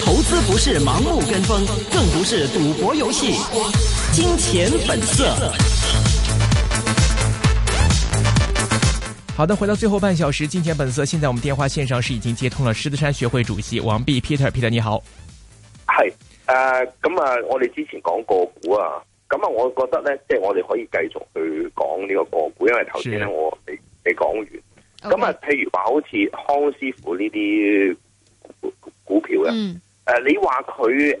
投資不是盲目跟風，更不是賭博遊戲。金錢本色。好的，回到最後半小時，金錢本色。現在我們電話線上是已經接通了獅子山學會主席王弼。Peter，Peter 你好。係，誒，咁啊，我哋之前講過股啊，咁啊，我覺得呢，即係我哋可以繼續去講呢個個股，因為頭先咧我未未講完。咁啊，譬如話好似康師傅呢啲股票嘅，誒、嗯啊，你話佢誒誒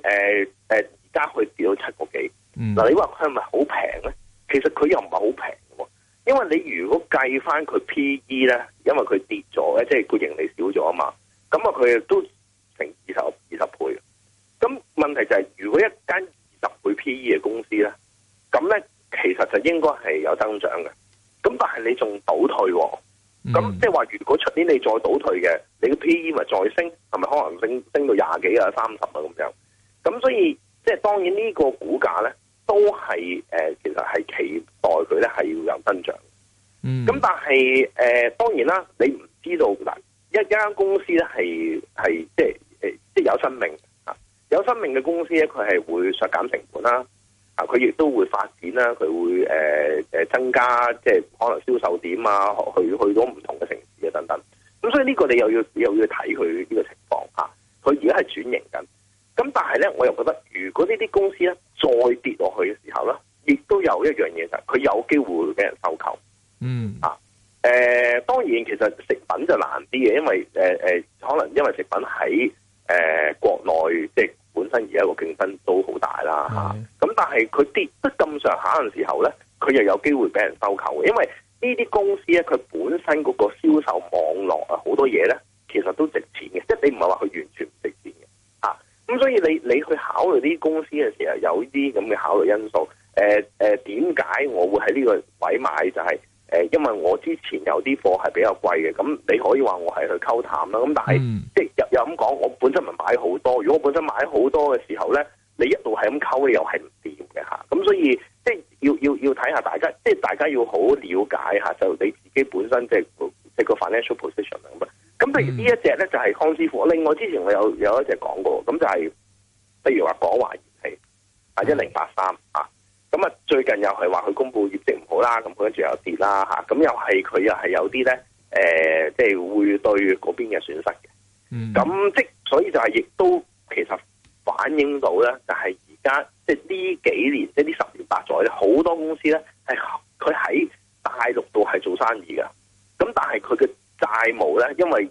而家去跌到七個幾，嗱、嗯，你話佢係咪好平咧？其實佢又唔係好平嘅，因為你如果計翻佢 P E 咧，因為佢跌咗咧，即係個盈利少咗啊嘛，咁啊，佢亦都成二十二十倍。咁問題就係、是，如果一間二十倍 P E 嘅公司咧，咁咧其實就應該係有增長嘅，咁但係你仲倒退。咁、嗯、即係話，如果出年你再倒退嘅，你個 P E 咪再升，係咪可能升升到廿幾啊、三十啊咁樣？咁所以即係當然呢個股價咧，都係誒、呃，其實係期待佢咧係要有增長。咁、嗯、但係誒、呃，當然啦，你唔知道嗱，一一間公司咧係係即係誒，即係有生命吓，有生命嘅公司咧，佢係會削減成本啦。啊！佢亦都會發展啦，佢會誒誒、呃、增加，即係可能銷售點啊，去去到唔同嘅城市啊等等。咁所以呢個你又要你又要睇佢呢個情況啊。佢而家係轉型緊，咁但係咧，我又覺得如果呢啲公司咧再跌落去嘅時候咧，亦都有一樣嘢就係佢有機會俾人收購。嗯、mm. 啊誒、呃，當然其實食品就難啲嘅，因為誒誒、呃，可能因為食品喺誒、呃、國內即本身而家個競爭都好大啦嚇，咁但係佢跌得咁上下嘅時候咧，佢又有機會俾人收購嘅。因為呢啲公司咧，佢本身嗰個銷售網絡啊，好多嘢咧，其實都值錢嘅，即係你唔係話佢完全唔值錢嘅嚇。咁、啊、所以你你去考慮啲公司嘅時候，有啲咁嘅考慮因素。誒誒點解我會喺呢個位買就係、是、誒、呃、因為我之前有啲貨係比較貴嘅，咁你可以話我係去溝淡啦。咁但係、嗯、即係又又咁講。本身唔係買好多，如果本身買好多嘅時候咧，你一路係咁溝咧，又係唔掂嘅嚇。咁所以即係要要要睇下大家，即係大家要好了解下，就你自己本身即係即係個 financial position 咁啊。咁譬如呢一隻咧就係、是、康師傅，另外之前我有有一隻講過，咁就係、是、譬如話港華燃氣啊一零八三啊，咁啊最近又係話佢公布業績唔好啦，咁佢跟住又跌啦嚇，咁、啊、又係佢又係有啲咧誒，即、呃、係、就是、會對嗰邊嘅損失嘅。咁、嗯、即、就是、所以就係亦都其實反映到咧，就係而家即呢幾年即呢十年八載咧，好多公司咧係佢喺大陸度係做生意嘅，咁但係佢嘅債務咧，因為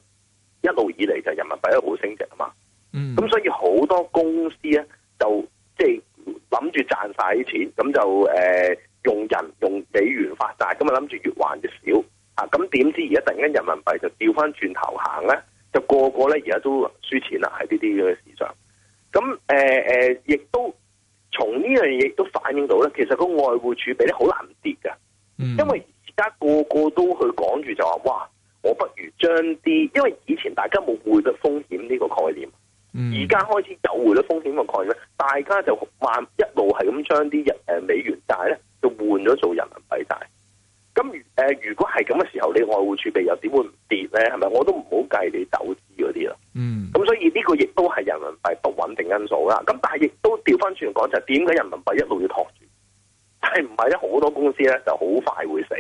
一路以嚟就人民幣咧好升值啊嘛，嗯，咁所以好多公司咧就即諗住賺晒啲錢，咁就誒、呃、用人用美元發債，咁啊諗住越還越少啊，咁點知而家突然間人民幣就掉翻轉頭行咧？啊就個個咧，而家、呃、都輸錢啦，喺呢啲嘅市場。咁誒誒，亦都從呢樣嘢都反映到咧，其實個外匯儲備咧好難跌噶、嗯，因為而家個個都去講住就話哇，我不如將啲，因為以前大家冇匯率風險呢個概念，而、嗯、家開始有匯率風險個概念咧，大家就慢一路係咁將啲日誒美元債咧，就換咗做人民幣債。咁誒、呃，如果係咁嘅時候，你外匯儲備又點會唔跌咧？係咪？我都唔。係你走資嗰啲啦，嗯，咁所以呢個亦都係人民幣不穩定因素啦。咁但係亦都調翻轉講就係點解人民幣一路要托住？但係唔係咧好多公司咧就好快會死？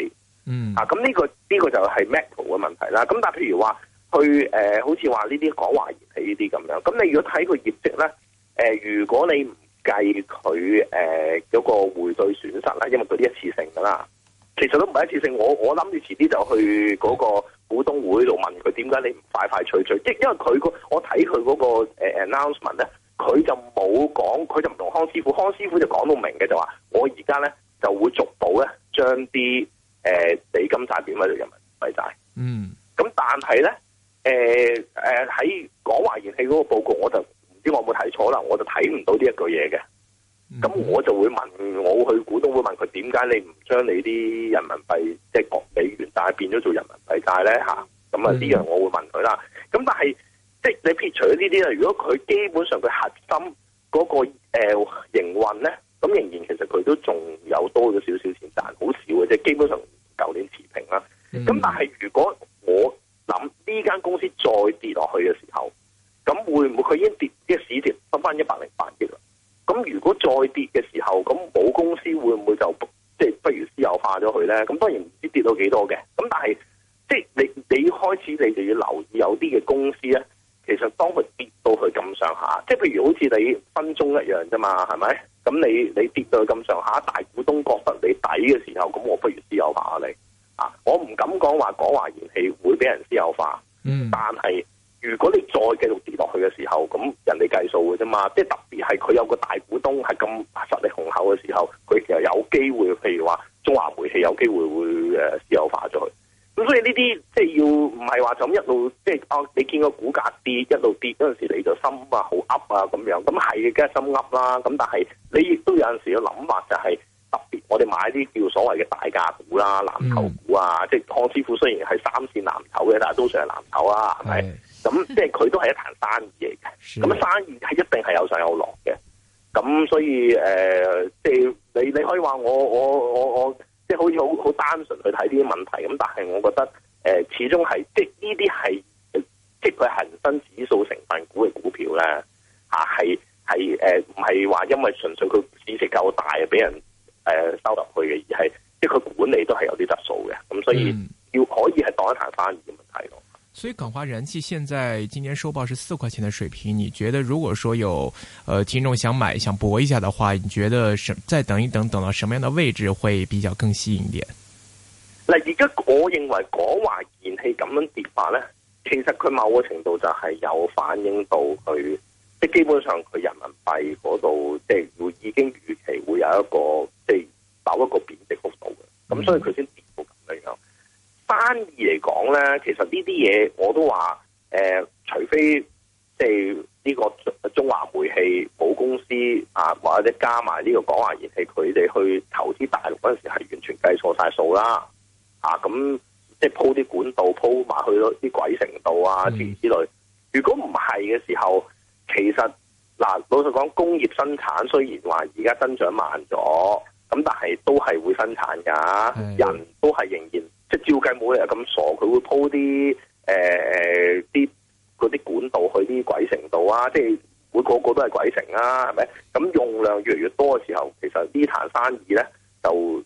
嗯啊，咁呢個呢個就係 macro 嘅問題啦。咁但係譬如話去誒、呃，好似話呢啲講華而起呢啲咁樣，咁你如果睇佢業績咧，誒、呃，如果你唔計佢誒嗰個匯兌損失啦，因為佢啲一次性噶啦，其實都唔係一次性。我我諗住遲啲就去嗰個。股東會度問佢點解你唔快快脆脆？即因為佢個我睇佢嗰個誒 announcement 咧，佢就冇講，佢就唔同康師傅，康師傅就講到明嘅，就話，我而家咧就會逐步咧將啲誒美金債變為人民幣債，嗯、mm.，咁但係咧誒誒喺港華燃氣嗰個報告，我就唔知我有冇睇錯啦，我就睇唔到呢一句嘢嘅。咁我就會問我去股東會問佢點解你唔將你啲人民幣即係國美元係變咗做人民幣債咧嚇？咁啊呢樣我會問佢啦。咁但係即係你撇除咗呢啲啦，如果佢基本上佢核心嗰、嗰個誒、呃、營運咧，咁仍然其實佢都仲有多咗少少錢賺，好少嘅，即係基本上舊年持平啦。咁但係如果我諗呢間公司再跌落去嘅時候，咁會唔會佢已經跌啲市跌？翻翻一百零？咁如果再跌嘅時候，咁冇公司會唔會就即係、就是、不如私有化咗佢咧？咁當然唔知跌到幾多嘅。咁但係即係你你開始你就要留意有啲嘅公司咧，其實當佢跌到去咁上下，即係譬如好似你分中一樣啫嘛，係咪？咁你你跌到咁上下，大股東覺得你抵嘅時候，咁我不如私有化了你啊！我唔敢講話講話港華燃氣會俾人私有化，嗯，但係。如果你再繼續跌落去嘅時候，咁人哋計數嘅啫嘛，即係特別係佢有個大股東係咁實力雄厚嘅時候，佢其實有機會，譬如話中華煤氣有機會會誒私有化咗佢。咁所以呢啲即係要唔係話就咁一路，即係啊你見個股價跌一路跌嗰陣時候來深，你就心啊好噏啊咁樣，咁係嘅梗係心噏啦。咁、啊、但係你亦都有陣時嘅諗法，就係特別我哋買啲叫所謂嘅大價股啦、藍籌股啊，股啊嗯、即係康師傅雖然係三線藍籌嘅，但係都算係藍籌啦，係、嗯、咪？是。咁即係佢都係一壇生意嚟嘅，咁生意係一定係有上有落嘅。咁所以誒，即、呃、係你你可以話我我我我即係好似好好單純去睇啲問題咁，但係我覺得誒、呃，始終係即係呢啲係即係佢恒生指數成分股嘅股票咧，吓係係誒，唔係話因為純粹佢市值夠大俾人誒、呃、收入去嘅，而係即係佢管理都係有啲質素嘅。咁所以。嗯所以港華燃氣現在今年收報是四塊錢的水平，你覺得如果說有，呃，聽眾想買想搏一下的話，你覺得什再等一等，等到什麼樣的位置會比較更吸引一點？嗱，而家我認為港華燃氣咁樣跌法咧，其實佢某個程度就係有反映到佢，即基本上佢人民幣嗰度，即係會已經預期會有一個，即係某一個貶值幅度嘅，咁所以佢先跌到咁樣。嗯翻譯嚟講咧，其實呢啲嘢我都話，誒、呃，除非即係呢個中華煤氣母公司啊，或者加埋呢個港華燃氣，佢哋去投資大陸嗰陣時，係完全計錯晒數啦。啊，咁即係鋪啲管道鋪埋去到啲鬼城度啊，之、mm. 之類。如果唔係嘅時候，其實嗱、啊，老實講，工業生產雖然話而家增長慢咗，咁但係都係會生產噶，mm. 人都係仍然。照計冇理由咁傻，佢會鋪啲誒誒啲啲管道去啲鬼城度啊！即係會個個都係鬼城啊，係咪？咁用量越嚟越多嘅時候，其實呢盤生意咧就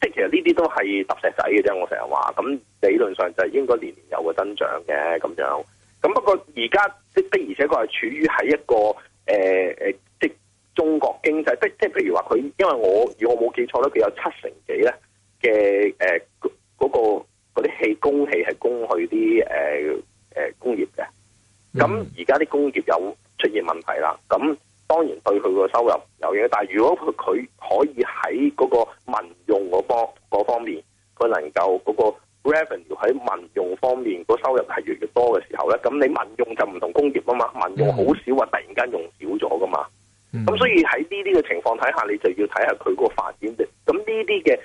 即係其實呢啲都係揼石仔嘅啫。我成日話，咁理論上就係應該年年有個增長嘅咁樣。咁不過而家即的而且確係處於喺一個誒誒、呃，即中國經濟，即即係譬如話佢，因為我如果我冇記錯咧，佢有七成幾咧嘅誒。呃嗰、嗰個啲氣供氣係供去啲誒誒工業嘅，咁而家啲工業有出現問題啦，咁當然對佢個收入有影響。但係如果佢佢可以喺個民用嗰方嗰方面，佢能夠個 revenue 喺民用方面個收入係越來越多嘅時候咧，咁你民用就唔同工業啊嘛，民用好少話突然間用少咗噶嘛，咁所以喺呢啲嘅情況底下，你就要睇下佢個發展力。咁呢啲嘅。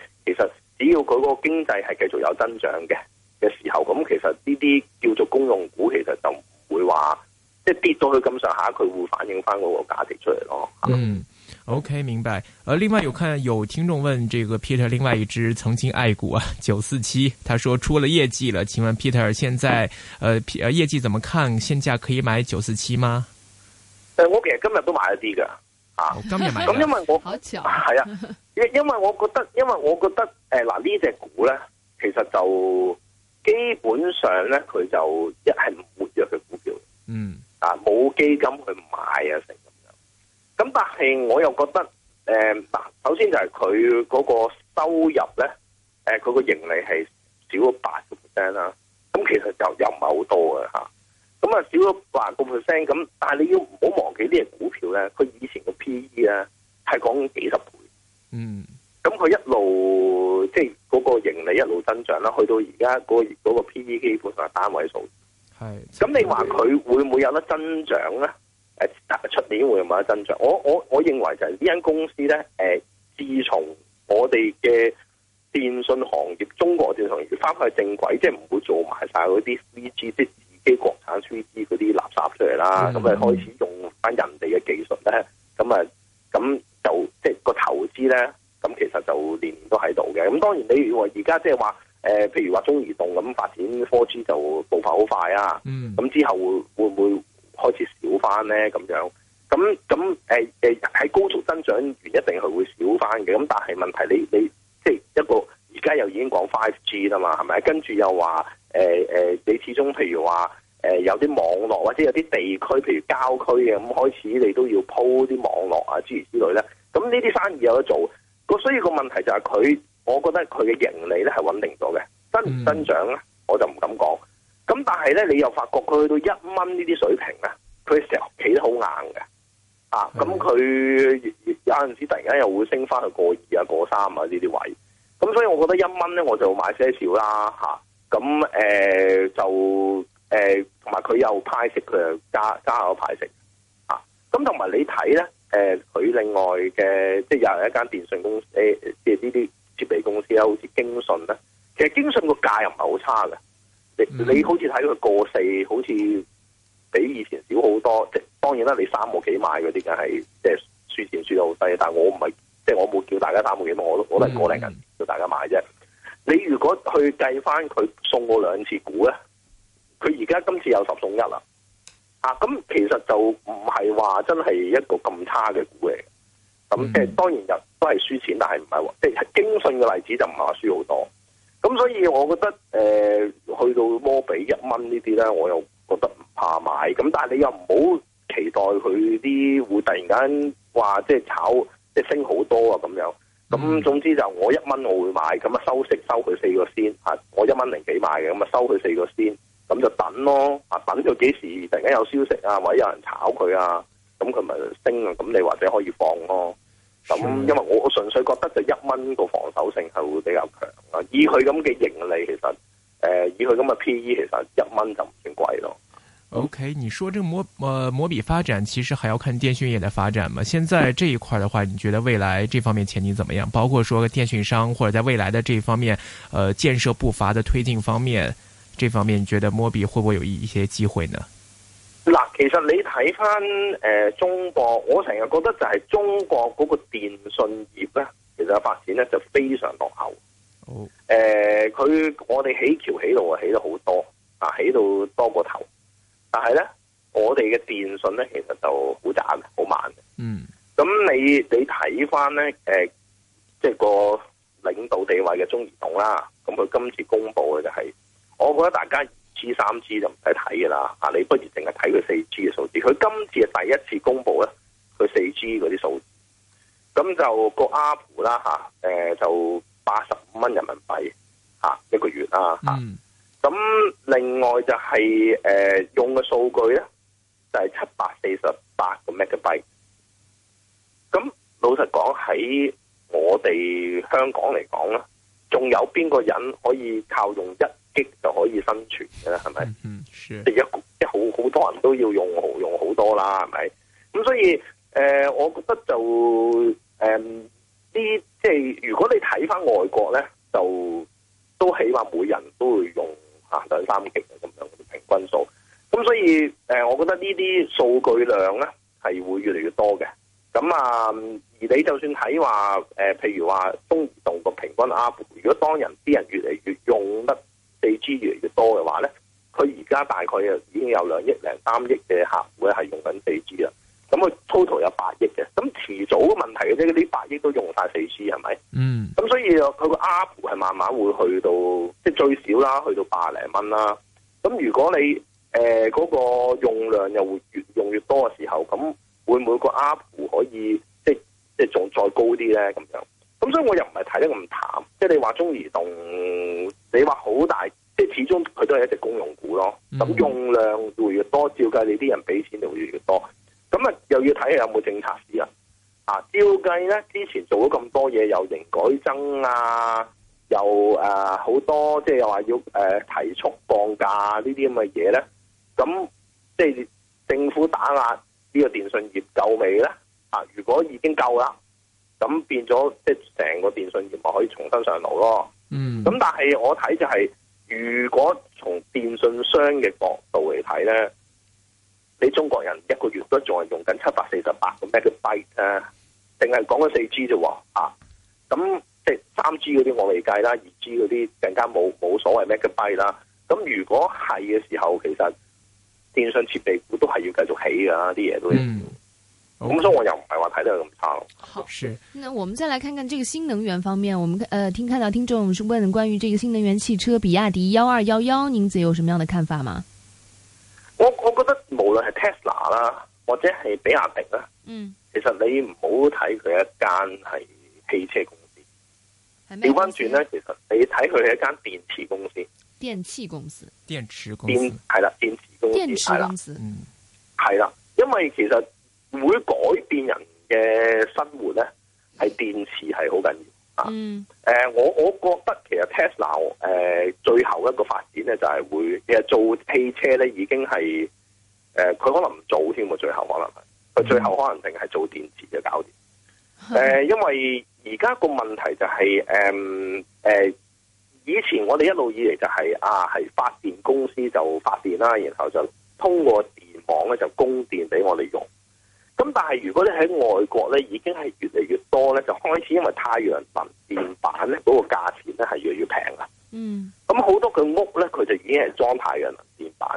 經濟係繼續有增長嘅嘅時候，咁其實呢啲叫做公用股，其實就唔會話即係跌到去咁上下，佢會反映翻個價值出嚟咯。嗯，OK，明白。另外有看有聽眾問，這個 Peter 另外一支曾經愛股啊九四七，他說出了業績了，請問 Peter 現在，呃，業績怎麼看？現價可以買九四七嗎？誒，我其實今日都買了一啲噶，啊，今日買，咁因為我好似啊，係啊。因為我覺得，因為我覺得，誒嗱呢隻股咧，其實就基本上咧，佢就一係唔活躍嘅股票，嗯，啊冇基金去買啊成咁樣。咁但係我又覺得，誒、呃、嗱，首先就係佢嗰個收入咧，誒佢個盈利係少咗八個 percent 啦。咁其實就又唔係好多嘅吓。咁啊少咗八個 percent，咁但係你要唔好忘記呢隻股票咧，佢以前嘅 P E 啊係講幾十倍。嗯，咁佢一路即係嗰個盈利一路增長啦，去到而家個嗰個 P E 基本上係單位數，係。咁你話佢會唔會有得增長咧？誒，出年會唔會有得增長，有增長？我我我認為就係呢間公司咧，誒，自從我哋嘅電信行業，中國電信行業翻去正軌，即係唔會做埋晒嗰啲 C G 即係自己國產 C G 嗰啲垃圾出嚟啦，咁、嗯、啊、嗯、開始用翻人哋嘅技術咧，咁啊咁。就即係個投資咧，咁其實就年年都喺度嘅。咁當然你如果而家即係話，誒，譬如話中移動咁發展科技就步伐好快啊。嗯，咁之後會會唔會開始少翻咧？咁樣，咁咁誒誒，喺、呃、高速增長完一定係會少翻嘅。咁但係問題你，你你即係一個而家又已經講 Five G 啦嘛，係咪？跟住又話，誒、呃、誒、呃，你始終譬如話。誒、呃，有啲網絡或者有啲地區，譬如郊區嘅咁，開始你都要鋪啲網絡啊，諸如此類咧。咁呢啲生意有得做。個需要個問題就係佢，我覺得佢嘅盈利咧係穩定咗嘅，增唔增長咧我就唔敢講。咁但係咧，你又發覺佢去到一蚊呢啲水平啊，佢成日企得好硬嘅。啊，咁佢有陣時突然間又會升翻去過二啊、過三啊呢啲位。咁所以我覺得一蚊咧，我就買些少啦吓。咁、啊、誒、呃、就。誒、呃，同埋佢又派息，佢又加加下派息，咁同埋你睇咧，誒、呃，佢另外嘅即係又係一間電信公司誒，即係呢啲設備公司啦，好似京信咧，其實京信個價又唔係好差嘅，你、嗯、你好似睇佢過四，好似比以前少好多，即當然啦，你三個幾買嗰啲梗係即係輸錢輸到好低，但係我唔係即係我冇叫大家三個幾，我都我都係過嚟緊叫大家買啫、嗯嗯。你如果去計翻佢送過兩次股咧？佢而家今次有十送一啦，啊咁其實就唔係話真係一個咁差嘅股嚟，咁嘅、嗯、當然就都係輸錢，但係唔係話即係京信嘅例子就唔係話輸好多，咁所以我覺得誒、呃、去到摩比一蚊呢啲咧，我又覺得唔怕買，咁但係你又唔好期待佢啲會突然間話即係炒即係升好多啊，咁樣，咁總之就我一蚊我會買，咁啊收息收佢四個仙。吓我一蚊零幾買嘅，咁啊收佢四個仙。咁就等咯，啊等到幾時突然間有消息啊，或者有人炒佢啊，咁佢咪升啊？咁你或者可以放咯。咁因為我純粹覺得就一蚊個防守性係會比較強啊。以佢咁嘅盈利，其實誒、呃，以佢咁嘅 P E，其實一蚊就唔算貴咯。OK，你說這個摩、呃、摩比發展，其實還要看電訊業的發展嘛？現在這一塊的話，你覺得未來這方面前景怎麼樣？包括說電訊商或者在未來的這方面，呃建設步伐的推進方面。這方面你覺得摩比會不會有一一些機會呢？嗱，其實你睇翻誒，中國我成日覺得就係中國嗰個電信業咧，其實發展咧就非常落後。誒、oh. 呃，佢我哋起橋起路啊，起得好多啊，起到多過頭。但係咧，我哋嘅電信咧，其實就好慢好慢。嗯、mm.，咁你你睇翻咧誒，即係個領導地位嘅中移動啦，咁佢今次公布嘅就係、是。我覺得大家二 G 三 G，就唔使睇噶啦嚇，你不如淨係睇佢四 G 嘅數字。佢今次係第一次公布咧,佢四 G 嗰啲數字，咁就個 R 啦嚇，誒就八十五蚊人民幣嚇一個月啦嚇。咁、啊嗯、另外就係、是、誒、呃、用嘅數據咧，就係七百四十八個 megabyte。咁老實講喺我哋香港嚟講咧，仲有邊個人可以靠用一？激就可以生存嘅啦，係咪？嗯，是。即係而家，即係好好多人都要用，用好多啦，係咪？咁所以，誒、呃，我覺得就，誒、呃，呢，即係如果你睇翻外國咧，就都起碼每人都會用吓兩、啊就是、三 G 嘅咁樣平均數。咁所以，誒、呃，我覺得呢啲數據量咧係會越嚟越多嘅。咁啊、呃，而你就算睇話，誒、呃，譬如話中移動個平均 ARPU、啊、如果當人啲人越嚟越用得。四 G 越嚟越多嘅話咧，佢而家大概已經有兩億零三億嘅客戶咧，係用緊四 G 啦，咁佢 total 有八億嘅，咁遲早嘅問題嘅啫，嗰啲八億都用晒四 G 係咪？嗯，咁所以佢個 R P 係慢慢會去到，即係最少啦，去到百零蚊啦。咁如果你誒嗰、呃那個用量又會越用越多嘅時候，咁會唔會個 R P 可以即係即係仲再高啲咧？咁樣咁所以我又唔係睇得咁淡，即係你話中移動。你話好大，即係始終佢都係一隻公用股咯。咁用量會越多，照計你啲人俾錢就會越多。咁啊，又要睇下有冇政策市啊。啊，照計咧，之前做咗咁多嘢，又營改增啊，又誒好、啊、多，即係又話要誒、呃、提速降價呢啲咁嘅嘢咧。咁即係政府打壓呢個電信業夠未咧？啊，如果已經夠啦，咁變咗即係成個電信業咪可以重新上路咯。嗯，咁但係我睇就係、是，如果從電信商嘅角度嚟睇咧，你中國人一個月都仲係用緊七百四十八個 mega byte 咧，淨係講緊四 G 啫，啊，咁即係三 G 嗰啲我未計啦，二 G 嗰啲更加冇冇所謂 mega byte 啦，咁如果係嘅時候，其實電信設備股都係要繼續起噶，啲嘢都要。我、okay. 嗯、所以我又唔係話睇得咁差咯。好是，那我們再來看看這個新能源方面。我們，呃，聽看到聽眾是問關於這個新能源汽車，比亞迪幺二幺幺，您自己有什麼樣的看法嗎？我我覺得無論係 Tesla 啦，或者係比亞迪啦，嗯，其實你唔好睇佢一間係汽車公司，調翻轉咧，其實你睇佢係一間電池公司。電器公司，電池公司，係啦，電池公司，電池公司對，嗯，係啦，因為其實。會改變人嘅生活咧，係電池係好緊要啊！誒、mm. 呃，我我覺得其實 Tesla 誒、呃，最後一個發展咧就係、是、會其實做汽車咧已經係誒，佢、呃、可能唔做添喎，最後可能佢最後可能淨係做電池就搞掂。誒、mm. 呃，因為而家個問題就係誒誒，以前我哋一路以嚟，就係、是、啊，係發電公司就發電啦，然後就通過電網咧就供電俾我哋用。咁但係如果你喺外國咧，已經係越嚟越多咧，就開始因為太陽能電板咧嗰個價錢咧係越嚟越平啊。嗯，咁好多嘅屋咧，佢就已經係裝太陽能電板。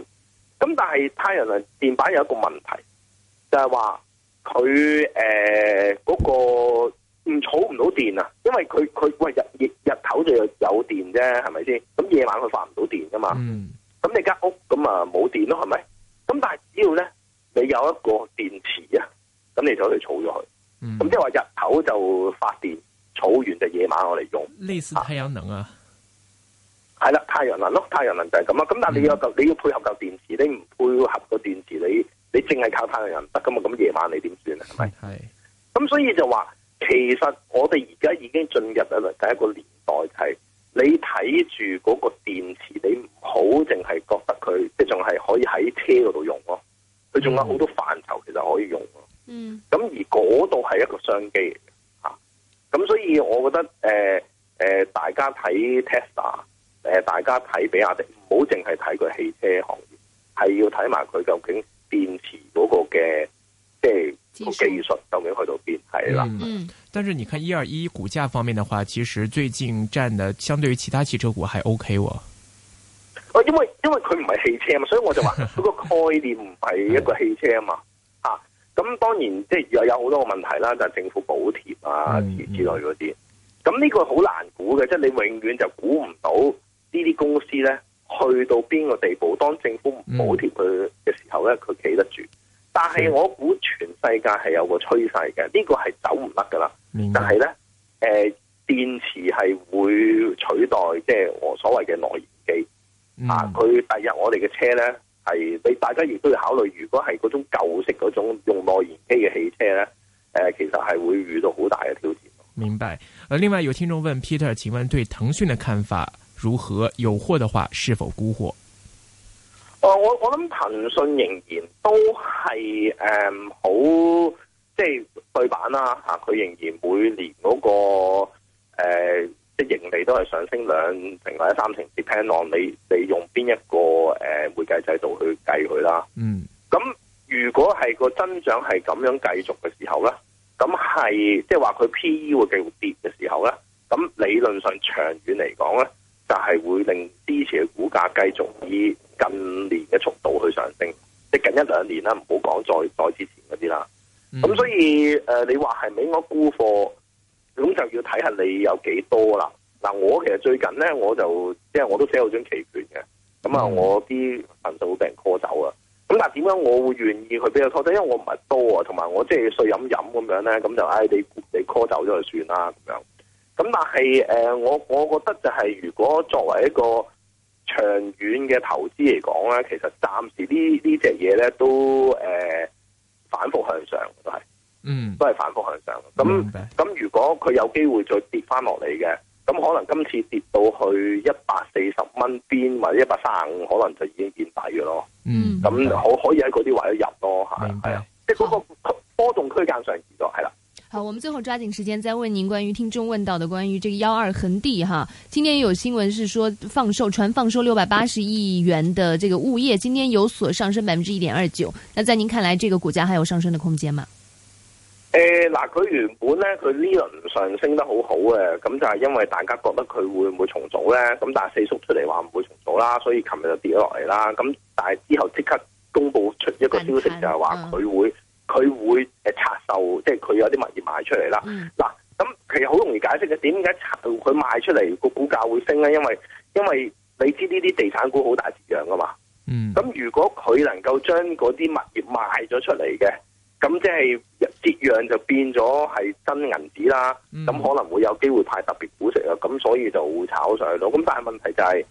咁但係太陽能電板有一個問題，就係話佢誒嗰個唔儲唔到電啊，因為佢佢喂日日日頭就有電啫，係咪先？咁夜晚佢發唔到電㗎嘛？嗯，咁你間屋咁啊冇電咯，係咪？咁但係只要咧你有一個電池啊。咁你就去儲咗佢，咁即係話日頭就發電，儲完就夜晚我哋用，類似太陽能啊，係、啊、啦，太陽能咯，太陽能就係咁啊。咁但係你有、嗯、你要配合嚿電池，你唔配合電個、就是、個電池，你你淨係靠太陽能得噶嘛？咁夜晚你點算啊？係咪？係。咁所以就話，其實我哋而家已經進入咗，第一個年代係，你睇住嗰個電池，你唔好淨係覺得佢即係仲係可以喺車嗰度用咯，佢仲有好多範疇其實可以用。嗯，咁而嗰度係一個商機嚟嘅吓，咁、啊、所以我覺得誒誒、呃呃，大家睇 Tesla，誒大家睇比亞迪，唔好淨係睇佢汽車行業，係要睇埋佢究竟電池嗰個嘅即係技術究竟去到邊係啦。嗯，但是你看一二一股價方面的話，其實最近佔嘅相對於其他汽車股還 OK 喎。哦，因為因為佢唔係汽車嘛，所以我就話佢個概念唔係一個汽車啊嘛。 咁當然，即係有有好多個問題啦，就係、是、政府補貼啊、嗯、之類嗰啲。咁呢個好難估嘅，即係你永遠就估唔到呢啲公司咧去到邊個地步，當政府補貼佢嘅時候咧，佢企得住。但係我估全世界係有個趨勢嘅，呢、這個係走唔甩噶啦。但係咧，誒、呃、電池係會取代即係我所謂嘅內燃機、嗯、啊！佢第日我哋嘅車咧。係你大家亦都要考慮，如果係嗰種舊式嗰種用內燃機嘅汽車咧，誒、呃，其實係會遇到好大嘅挑戰。明白。誒，另外有聽眾問 Peter，請問對騰訊嘅看法如何？有貨的話是否沽貨？哦、呃，我我諗騰訊仍然都係誒、嗯、好即係、就是、對版啦、啊，吓、啊、佢仍然每年嗰、那個誒。呃即盈利都係上升兩成或者三成 depend on 你你用邊一個誒、呃、會計制度去計佢啦。嗯，咁如果係個增長係咁樣繼續嘅時候咧，咁係即係話佢 P E 會繼續跌嘅時候咧，咁理論上長遠嚟講咧，就係、是、會令之前嘅股價繼續以近年嘅速度去上升，即、就是、近一兩年啦，唔好講再再之前嗰啲啦。咁、嗯、所以誒、呃，你話係咪我估貨？就要睇下你有幾多啦。嗱、啊，我其實最近咧，我就即係我都寫好張期權嘅。咁啊，我啲份到俾人 call 走啊。咁但係點樣我會願意去俾人拖走？因為我唔係多啊，同埋我即係要碎飲飲咁樣咧。咁就唉、哎，你你 call 走咗就算啦咁樣。咁但係誒、呃，我我覺得就係、是、如果作為一個長遠嘅投資嚟講咧，其實暫時這、這個、東西呢呢隻嘢咧都誒、呃、反覆向上。嗯，都係反覆向上咁咁。那嗯 okay. 如果佢有機會再跌翻落嚟嘅，咁可能今次跌到去一百四十蚊邊或者一百三十五，可能就已經見底嘅咯。嗯，咁可、嗯、可以喺嗰啲位入咯，係係啊，即係嗰個波動區間上移咗，係啦。好，我們最後抓緊時間再問您關於聽眾問到的關於這個幺二恒地哈，今天有新聞是說放售傳放售六百八十億元的這個物業，今天有所上升百分之一點二九。那在您看來，這個股價還有上升的空間嗎？誒、呃，嗱，佢原本咧，佢呢輪上升得好好嘅，咁就係因為大家覺得佢會唔會重組咧？咁但係四叔出嚟話唔會重組啦，所以琴日就跌咗落嚟啦。咁但係之後即刻公布出一個消息，就係話佢會，佢會誒拆、呃、售，即係佢有啲物業賣出嚟啦。嗱、嗯、咁、啊、其實好容易解釋嘅，點解拆佢賣出嚟個股價會升咧？因為因為你知呢啲地產股好大折讓噶嘛。咁如果佢能夠將嗰啲物業賣咗出嚟嘅。咁即係折讓就變咗係真銀紙啦，咁可能會有機會派特別股息啦，咁所以就會炒上去到。咁但係問題就係，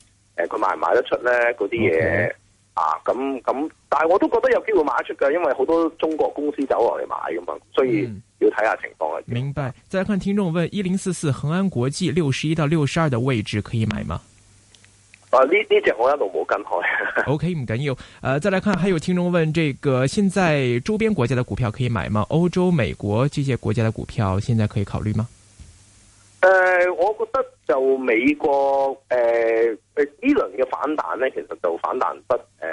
誒佢賣唔賣得出咧？嗰啲嘢啊，咁咁，但係我都覺得有機會賣得出噶，因為好多中國公司走落嚟買㗎嘛，所以要睇下情況啊。明白。再看聽眾問：一零四四恆安國際六十一到六十二的位置可以買嗎？呢呢隻我一路冇跟開。O K，唔緊要。誒、呃，再來看，還有聽眾問：這個現在周邊國家的股票可以買嗎？歐洲、美國這些國家的股票現在可以考慮嗎？誒、呃，我覺得就美國誒呢、呃、輪嘅反彈咧，其實就反彈不誒，即、呃、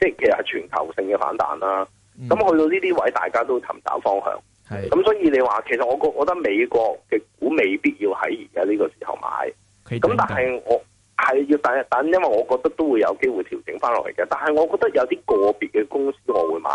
係其實係全球性嘅反彈啦、啊。咁、嗯、去到呢啲位，大家都尋找方向。係咁，那所以你話其實我覺覺得美國嘅股未必要喺而家呢個時候買。可以等等。咁但係我。係要等一等，因為我覺得都會有機會調整翻落嚟嘅，但係我覺得有啲個別嘅公司我會買。